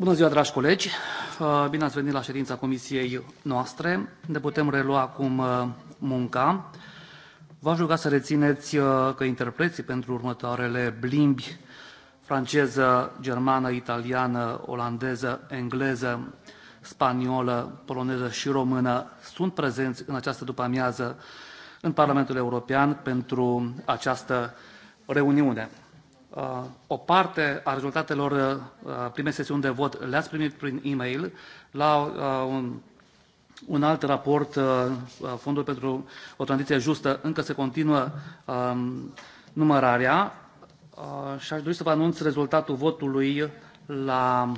Bună ziua, dragi colegi! Bine ați venit la ședința comisiei noastre. Ne putem relua acum uh, munca. V-aș ruga să rețineți uh, că interpreții pentru următoarele limbi franceză, germană, italiană, olandeză, engleză, spaniolă, poloneză și română sunt prezenți în această după-amiază în Parlamentul European pentru această reuniune. Uh, o parte a rezultatelor uh, uh, primei sesiuni de vot le-ați primit prin e-mail la un, un alt raport, Fondul pentru o tranziție justă, încă se continuă um, numărarea și aș dori să vă anunț rezultatul votului la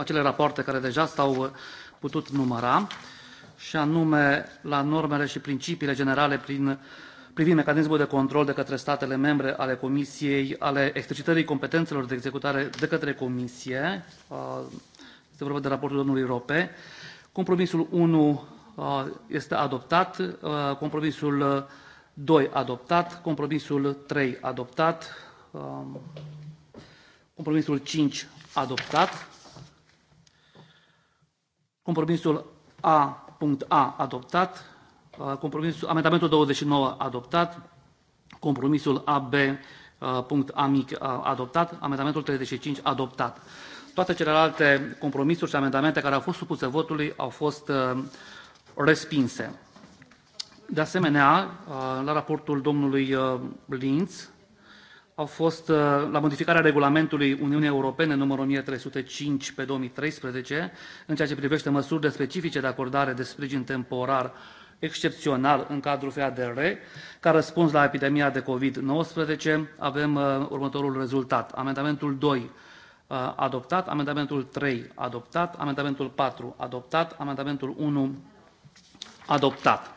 acele rapoarte care deja s-au putut număra, și anume la normele și principiile generale prin privind mecanismul de control de către statele membre ale Comisiei, ale exercitării competențelor de executare de către Comisie, uh, este vorba de raportul domnului Rope. Compromisul 1 uh, este adoptat, uh, compromisul 2 adoptat, compromisul 3 um, adoptat, compromisul 5 adoptat, compromisul A.A adoptat, Uh, compromisul, amendamentul 29 adoptat. Compromisul AB uh, punct amic uh, adoptat. Amendamentul 35 adoptat. Toate celelalte compromisuri și amendamente care au fost supuse votului au fost respinse. De asemenea, la raportul domnului Linz, au fost la modificarea regulamentului Uniunii Europene numărul 1305 pe 2013 în ceea ce privește măsurile specifice de acordare de sprijin temporar excepțional în cadrul feadr ca răspuns la epidemia de covid nouăsprezece avem uh, următorul rezultat amendamentul doi uh, adoptat amendamentul trei adoptat amendamentul patru adoptat amendamentul unu adoptat.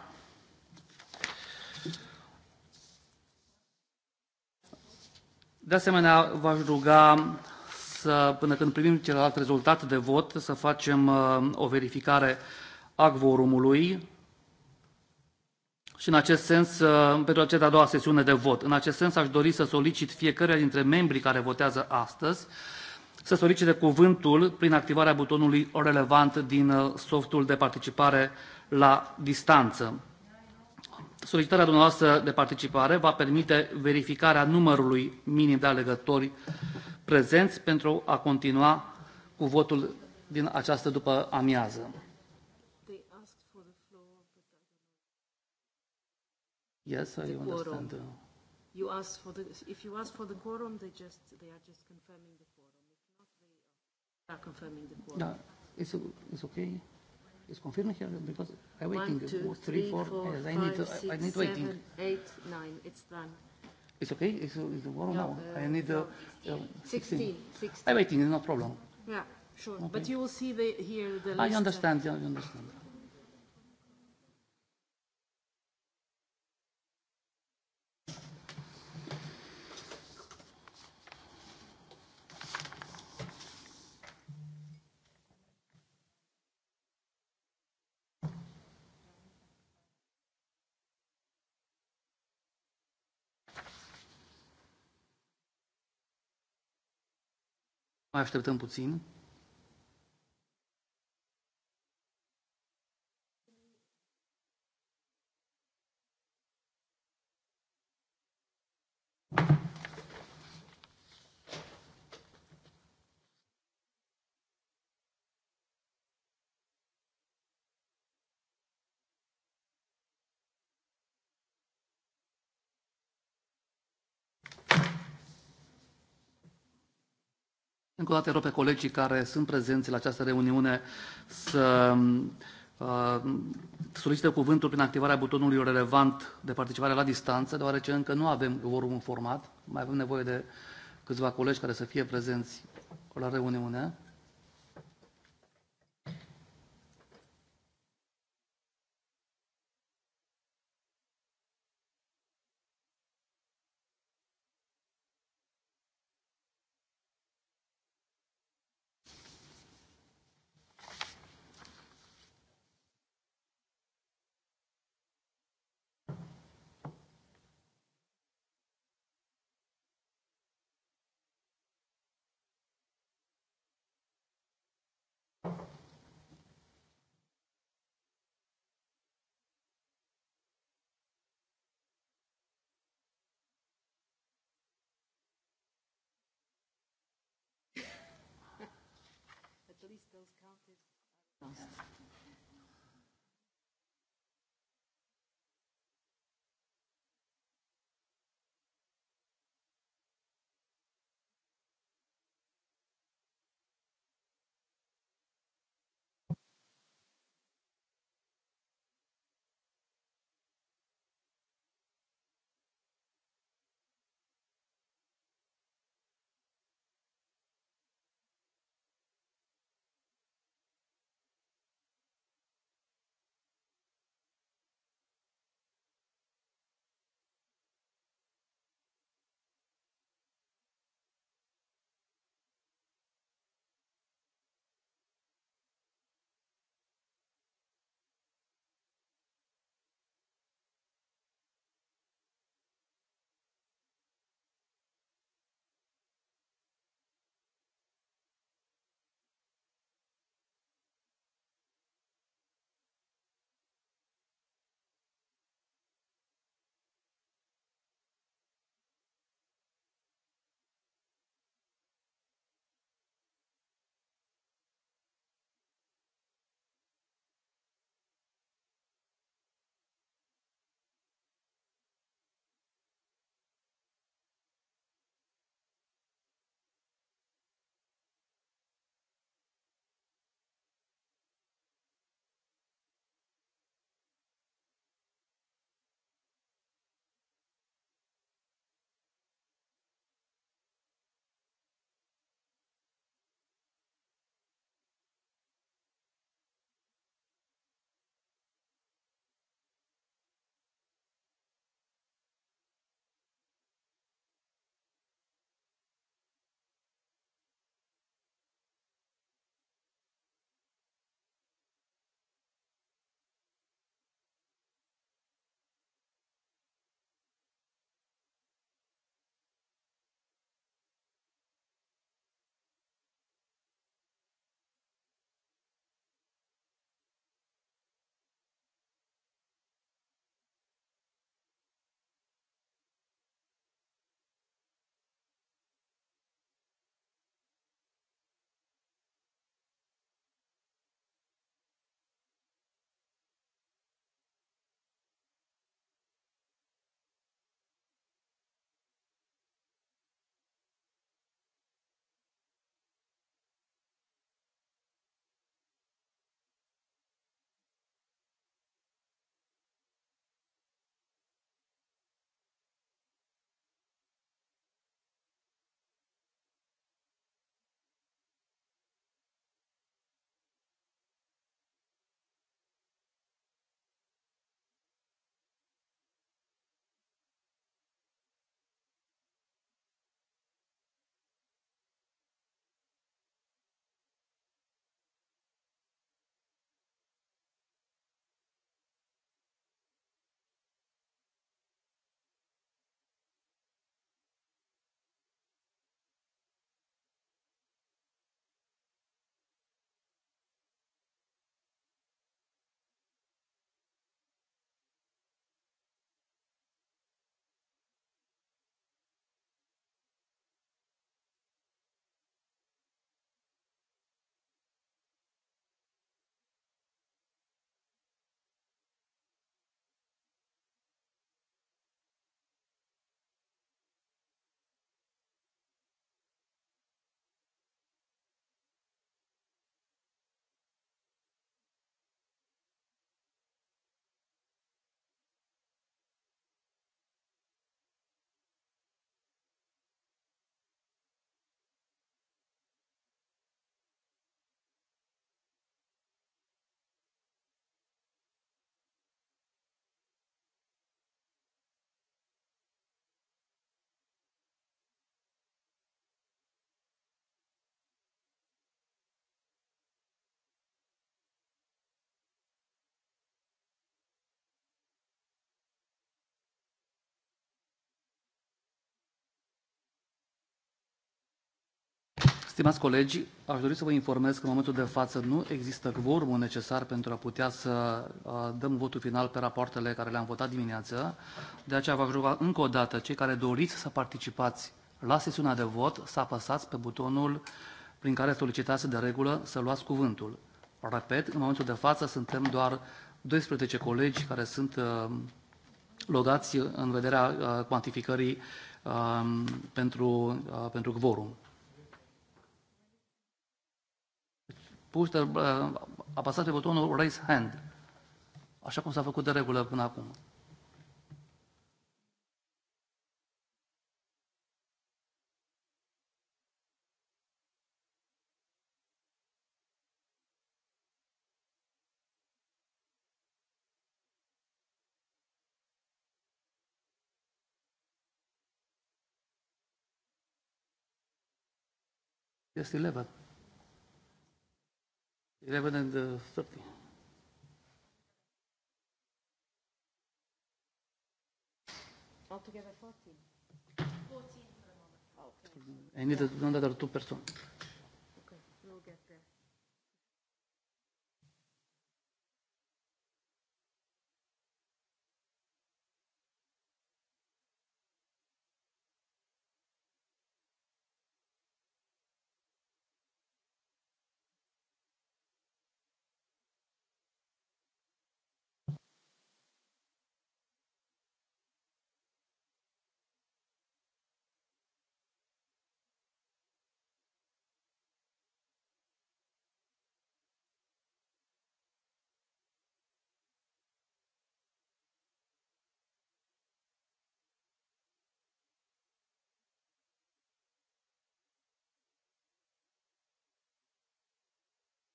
De asemenea, v-aș ruga să, până când primim celălalt rezultat de vot, să facem uh, o verificare a quorumului și în acest sens, uh, pentru această a doua sesiune de vot, în acest sens aș dori să solicit fiecare dintre membrii care votează astăzi să solicite cuvântul prin activarea butonului relevant din uh, softul de participare la distanță. Solicitarea dumneavoastră de participare va permite verificarea numărului minim de alegători prezenți pentru a continua cu votul din această după amiază. Yes, I the understand. Quorum. Uh, you ask for the, if you ask for the quorum, they just, they are just confirming the quorum. If not, they are confirming the quorum. No, it's, it's okay. It's confirmed here because I waiting One, two, three, three four, four yes, I five, need, six, I need waiting. Seven, eight, nine. It's done. It's okay. It's, it's the quorum no, now. Uh, I need uh, uh, 16. 16. 16. I waiting. No problem. Yeah, sure. Okay. But you will see the, here the list. I understand. yeah, I understand. Mai așteptăm puțin. Încă o dată rog pe colegii care sunt prezenți la această reuniune să uh, cuvântul prin activarea butonului relevant de participare la distanță, deoarece încă nu avem vorumul format. Mai avem nevoie de câțiva colegi care să fie prezenți la reuniune. those counted. Stimați colegi, aș dori să vă informez că în momentul de față nu există quorumul necesar pentru a putea să uh, dăm votul final pe rapoartele care le-am votat dimineață. De aceea vă ruga încă o dată, cei care doriți să participați la sesiunea de vot, să apăsați pe butonul prin care solicitați de regulă să luați cuvântul. Repet, în momentul de față suntem doar 12 colegi care sunt uh, logați în vederea uh, cuantificării um, pentru, pentru quorum. push the, uh, apăsați pe butonul Raise Hand, așa cum s-a făcut de regulă până acum. Este 11. 11 and 13. Uh, Altogether 14. 14 for the moment. Oh, okay. I needed yeah. another two persons.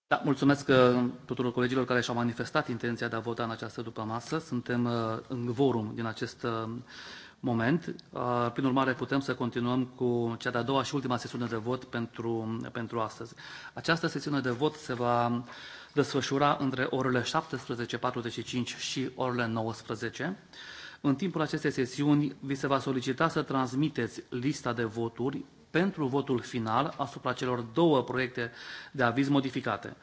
Da, mulțumesc uh, tuturor colegilor care și-au manifestat intenția de a vota în această masă. Suntem uh, în vorum din acest uh, moment. Prin urmare, putem să continuăm cu cea de-a doua și ultima sesiune de vot pentru, pentru astăzi. Această sesiune de vot se va desfășura între orele 17.45 și orele 19. În timpul acestei sesiuni, vi se va solicita să transmiteți lista de voturi pentru votul final asupra celor două proiecte de aviz modificate.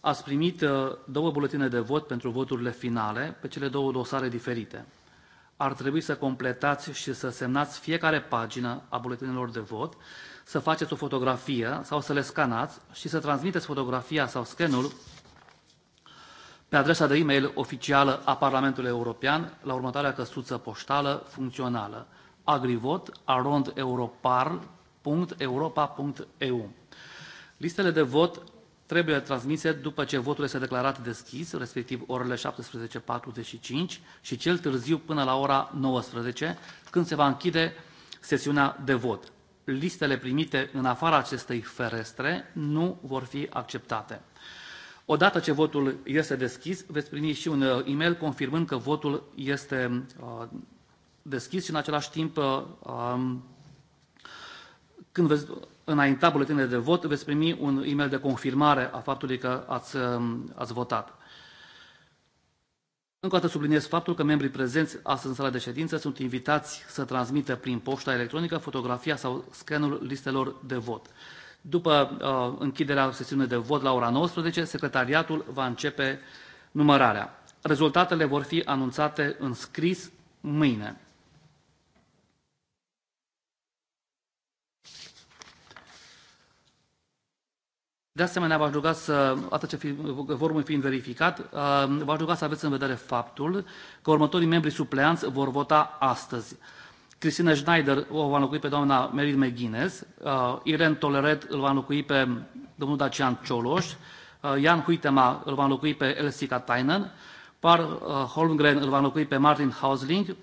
Ați primit uh, două buletine de vot pentru voturile finale pe cele două dosare diferite. Ar trebui să completați și să semnați fiecare pagină a buletinelor de vot, să faceți o fotografie sau să le scanați și să transmiteți fotografia sau scanul pe adresa de e-mail oficială a Parlamentului European la următoarea căsuță poștală funcțională agrivot arond europarl www.europa.eu. Listele de vot trebuie transmise după ce votul este declarat deschis, respectiv orele 17.45 și cel târziu până la ora 19, când se va închide sesiunea de vot. Listele primite în afara acestei ferestre nu vor fi acceptate. Odată ce votul este deschis, veți primi și un uh, e-mail confirmând că votul este uh, deschis și în același timp uh, um, când veți înainta buletinele de vot, veți primi un e-mail de confirmare a faptului că ați, um, ați votat. Încă o dată subliniez faptul că membrii prezenți astăzi în sala de ședință sunt invitați să transmită prin poșta electronică fotografia sau scanul listelor de vot. După uh, închiderea sesiunii de vot la ora 19, secretariatul va începe numărarea. Rezultatele vor fi anunțate în scris mâine. De asemenea, v-aș ruga să, atât ce fi, formul fiind verificat, uh, v-aș ruga să aveți în vedere faptul că următorii membri supleanți vor vota astăzi. Cristina Schneider o va înlocui pe doamna Merit McGuinness, uh, Irene Toleret îl va înlocui pe domnul Dacian Cioloș, Jan uh, Huitema îl va înlocui pe Elsica Tainan. Par Holmgren îl va înlocui pe Martin Hausling,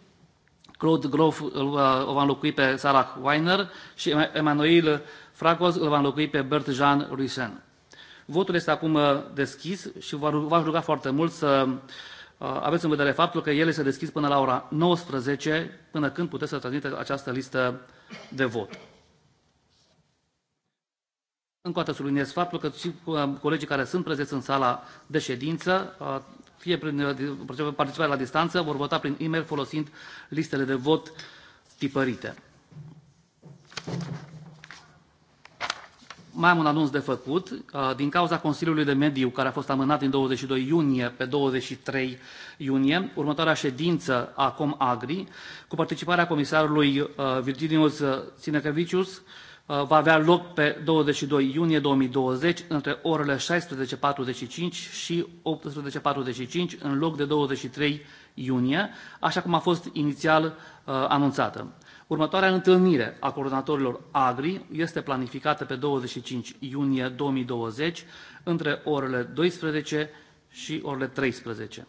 Claude Grof îl o va înlocui pe Sarah Weiner și Emanuel Fragoz îl va înlocui pe bert Jean Ruisen. Votul este acum uh, deschis și v-aș ruga foarte mult să uh, aveți în vedere faptul că ele se deschis până la ora 19, până când puteți să transmiteți această listă de vot. Încă o dată subliniez faptul că și uh, colegii care sunt prezenți în sala de ședință, fie prin participare la distanță, vor vota prin e-mail folosind listele de vot tipărite. mai am un anunț de făcut. Uh, din cauza Consiliului de Mediu, care a fost amânat din 22 iunie pe 23 iunie, următoarea ședință a ComAgri, cu participarea comisarului uh, Virginius uh, Ținecăvicius, va avea loc pe 22 iunie 2020 între orele 16.45 și 18.45 în loc de 23 iunie, așa cum a fost inițial anunțată. Următoarea întâlnire a coordonatorilor AGRI este planificată pe 25 iunie 2020 între orele 12 și orele 13.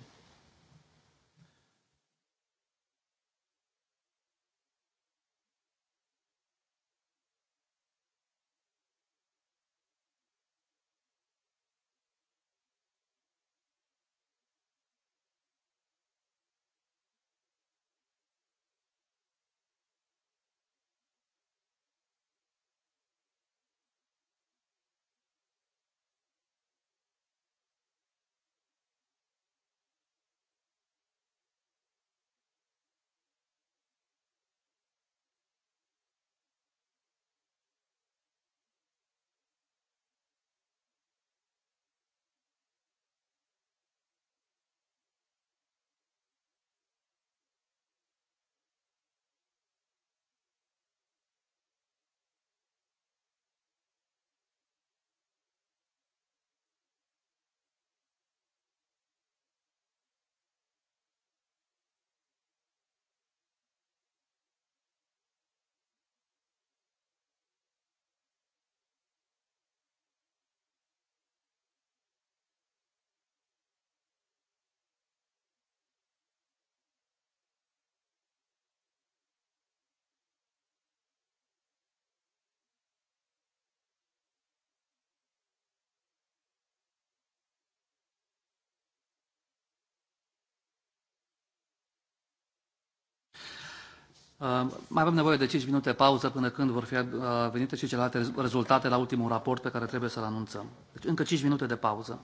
Uh, mai avem nevoie de 5 minute pauză până când vor fi uh, venite și celelalte rezultate la ultimul raport pe care trebuie să-l anunțăm. Deci încă 5 minute de pauză.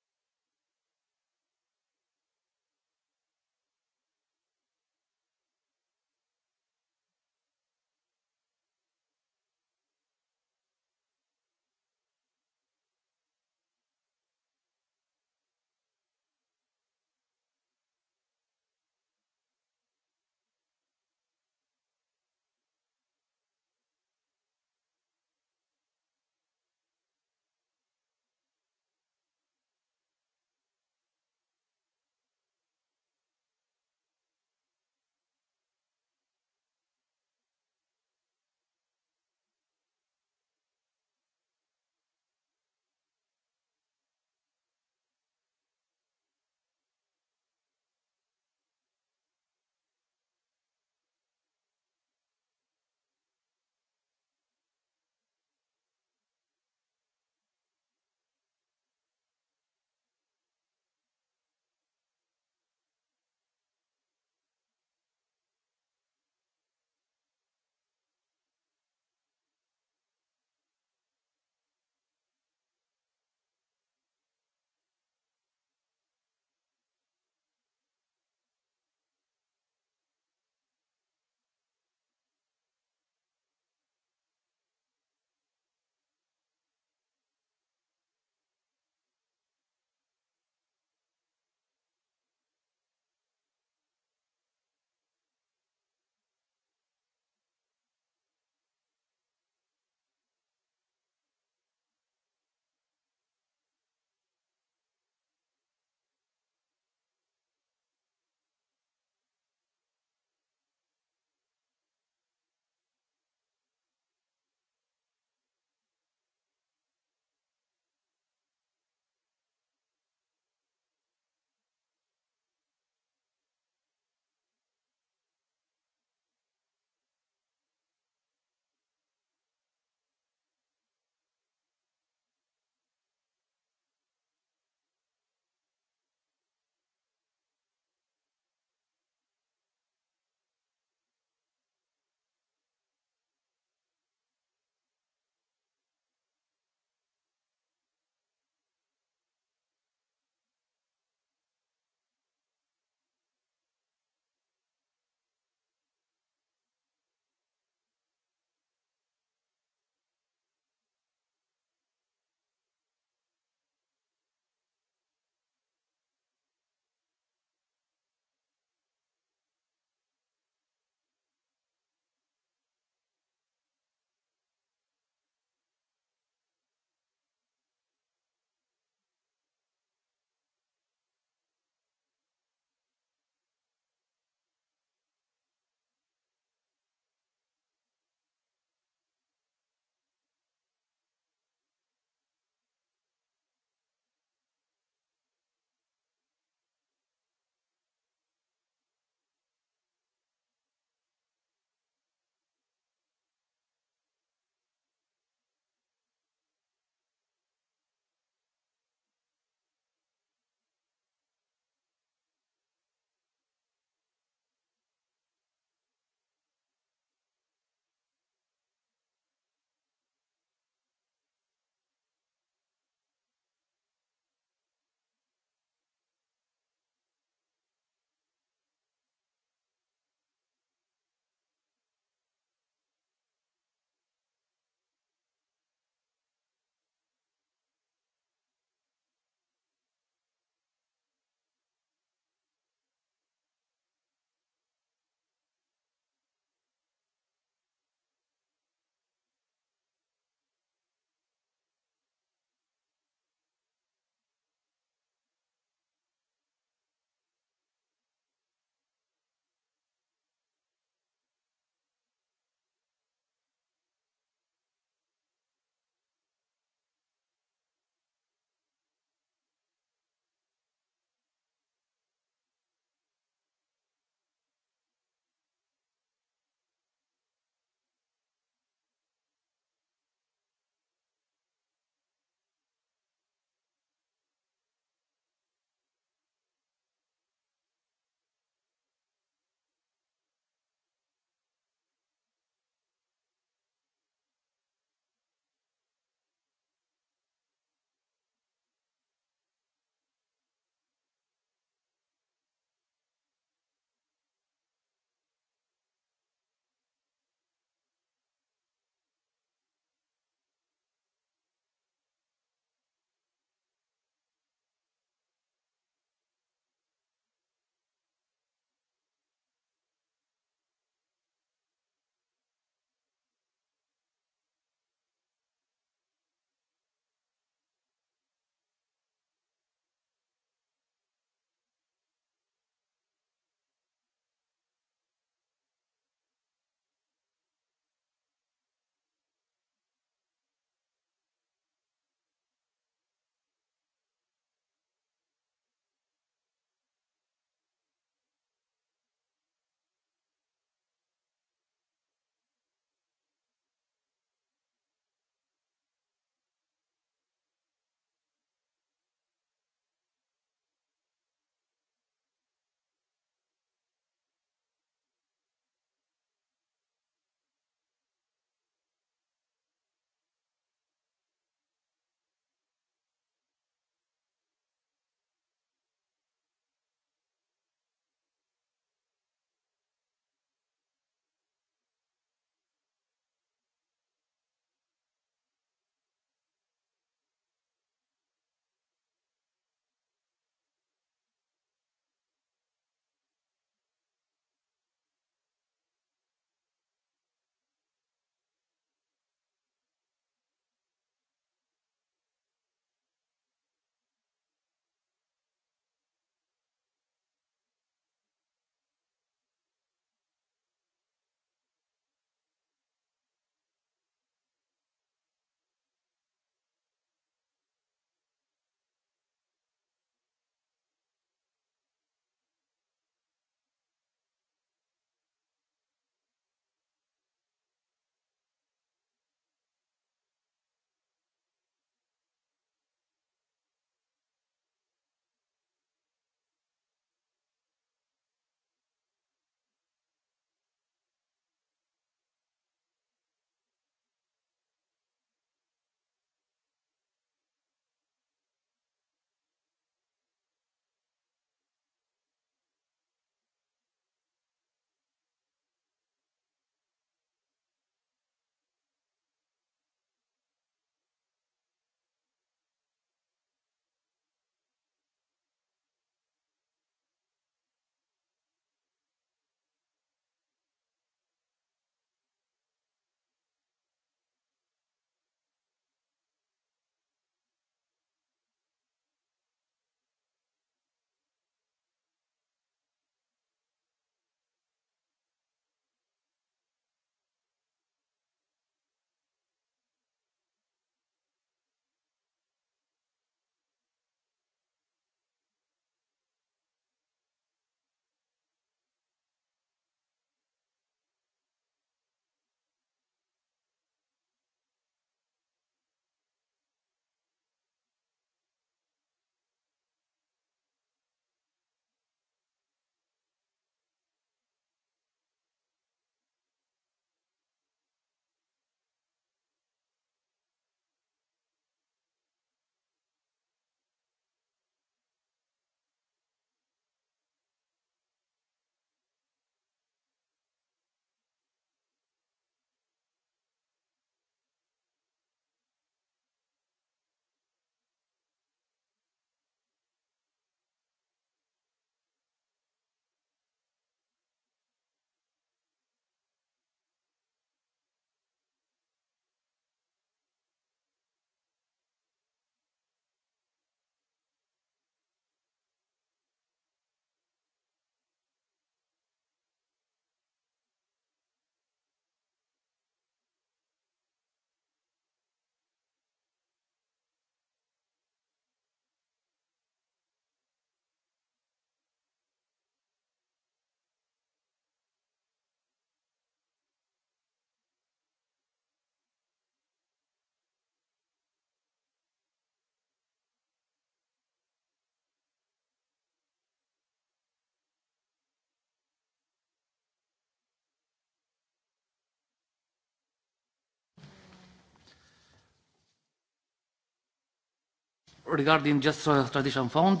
regarding uh, tradition fund,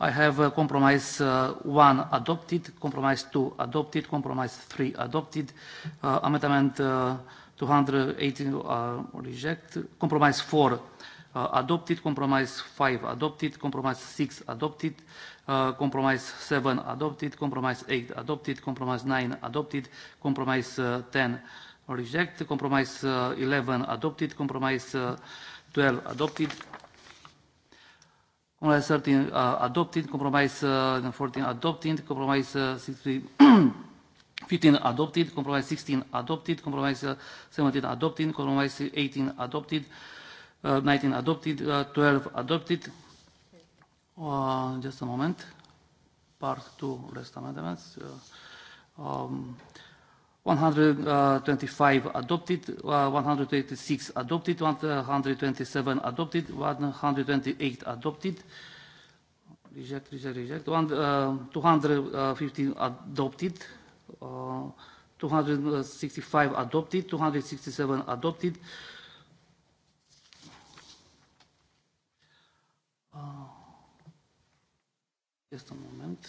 I have uh, compromise uh, one adopted, compromise two adopted, compromise three adopted, uh, amendment uh, 218 uh, reject, compromise four uh, adopted, compromise five adopted, compromise six adopted, uh, compromise seven adopted, compromise eight adopted, compromise nine adopted, compromise uh, 10 reject, compromise uh, 11 adopted, compromise uh, 12 adopted, un 13 uh, adopted. Compromise uh, 14 adopted. Compromise uh, 16, 15 adopted. Compromise 16 adopted. Compromise uh, 17 adopted. Compromise 18 adopted. Uh, 19 adopted. Uh, 12 adopted. Uh, just a moment. Part 2 rest amendments. Uh, um, 125 uh, adopted, uh, 126 adopted, 127 adopted, 128 adopted, reject, reject, reject, One, uh, 215 adopted, uh, 265 adopted, 267 adopted, uh, Just a moment.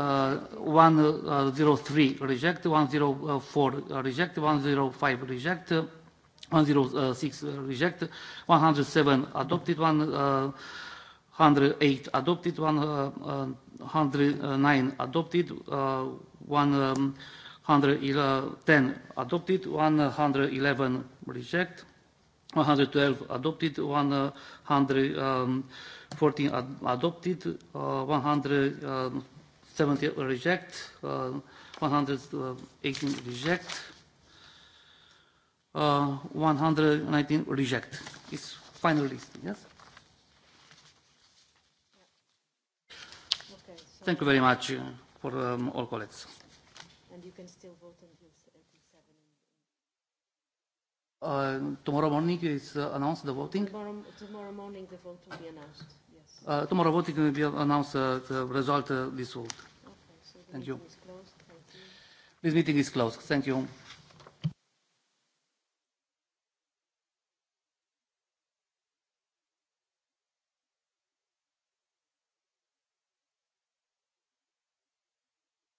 103 uh, uh, reject, 104 uh, reject, 105 reject, 106 reject, 107 adopted, 108 adopted, 109 adopted, 110 um, adopted, 111 reject, 112 adopted, 114 um, adopted, 100 70 reject, uh, 118 uh, reject, uh, 119 reject. It's final list, yes? Okay, so Thank you very much uh, for um, all colleagues. And you can still vote until 7. Uh, tomorrow morning is uh, announced the voting? Tomorrow, tomorrow morning the vote will be announced. Uh, tomorrow voting will be announced uh, the result uh, this vote. Okay, so Thank you. This meeting is closed. Thank you.